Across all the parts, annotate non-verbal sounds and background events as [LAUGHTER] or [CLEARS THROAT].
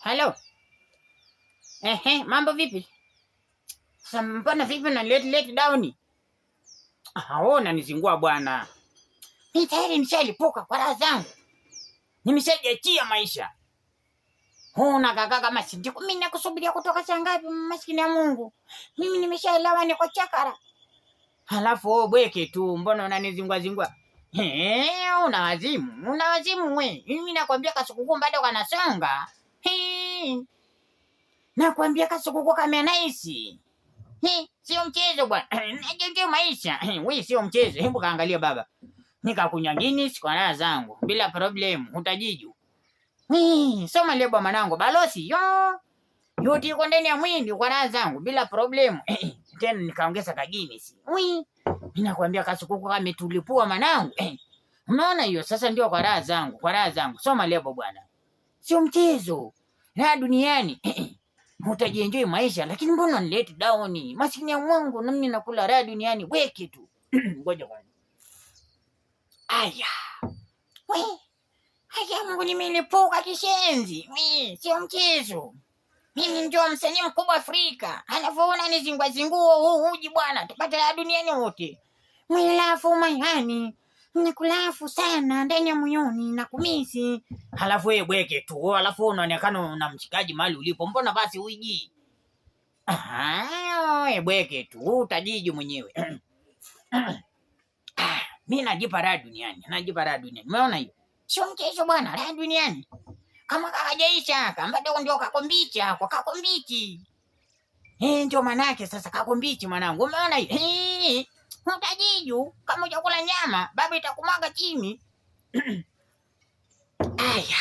Hello. Eh, eh, mambo vipi? Sasa mbona vipi na let let down? Ah, wewe unanizingua bwana. Mimi tayari nishalipuka kwa raha zangu. Nimeshajiachia maisha. Huna kaka kama sijiku. Mimi nakusubiria kutoka saa ngapi maskini ya Mungu? Mimi nimeshaelewa niko chakara. Halafu wewe bweke tu, mbona unanizingua zingua? Eh, una wazimu, una wazimu wewe. Mimi nakwambia kasukuku bado kanasonga. He. Nakwambia kasukuku kamenaisi. He, sio mchezo bwana. [CLEARS THROAT] Najenga maisha. we, [CLEARS THROAT] sio mchezo. Hebu kaangalia baba. Nikakunya nini siku na zangu bila problem utajiju. He, soma leo bwana mwanangu balosi. Yo. Yote iko ndani ya mwindi kwa raha zangu bila problem. [CLEARS THROAT] Tena nikaongeza kagini si. Wi. Ninakwambia kasukuku kametulipua mwanangu. Unaona hiyo sasa ndio kwa raha zangu, kwa raha zangu. Soma lebo bwana. Sio mchezo na duniani [CLEARS THROAT] utajienjoy maisha, lakini mbona nilete down maskini ya na namni nakula raha duniani weke tu [CLEARS THROAT] ngoja kwanza. Aya we aya, Mungu nimelipuka kishenzi, we sio mchezo mimi ndio msanii mkubwa Afrika, alafu unanizingua zingua huu uji bwana, tupate raha duniani wote mwilafu mayani nakulafu sana ndani ya moyoni na kumisi. Halafu wewe bweke tu, alafu unaonekana una mshikaji mali ulipo, mbona basi uiji? Ah, bweke tu, utajiji mwenyewe [CLEARS THROAT] ah, mi najipa raha duniani, najipa raha duniani. Umeona hiyo sio mchezo bwana, raha duniani kama kakajaisha kamba dogo ndio kakombicha kwa kakombichi. Eh, ndio manake sasa kakombichi mwanangu, umeona hiyo hutajiju kama ujakula nyama, baba itakumwaga chini. [CLEARS THROAT] Aya.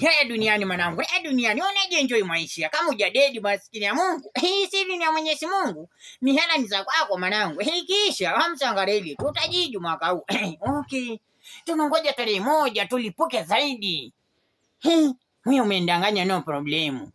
Haya eh. duniani mwanangu, haya duniani unaje enjoy maisha. Kama hujadedi maskini ya Mungu, [LAUGHS] hii si ni ya Mwenyezi Mungu. hela ni za kwako mwanangu. Hii kisha hamsangareli. Tutajiju mwaka huu. [CLEARS THROAT] Okay. Tunangoja tarehe moja tulipuke zaidi. Mimi umeendanganya no problemu.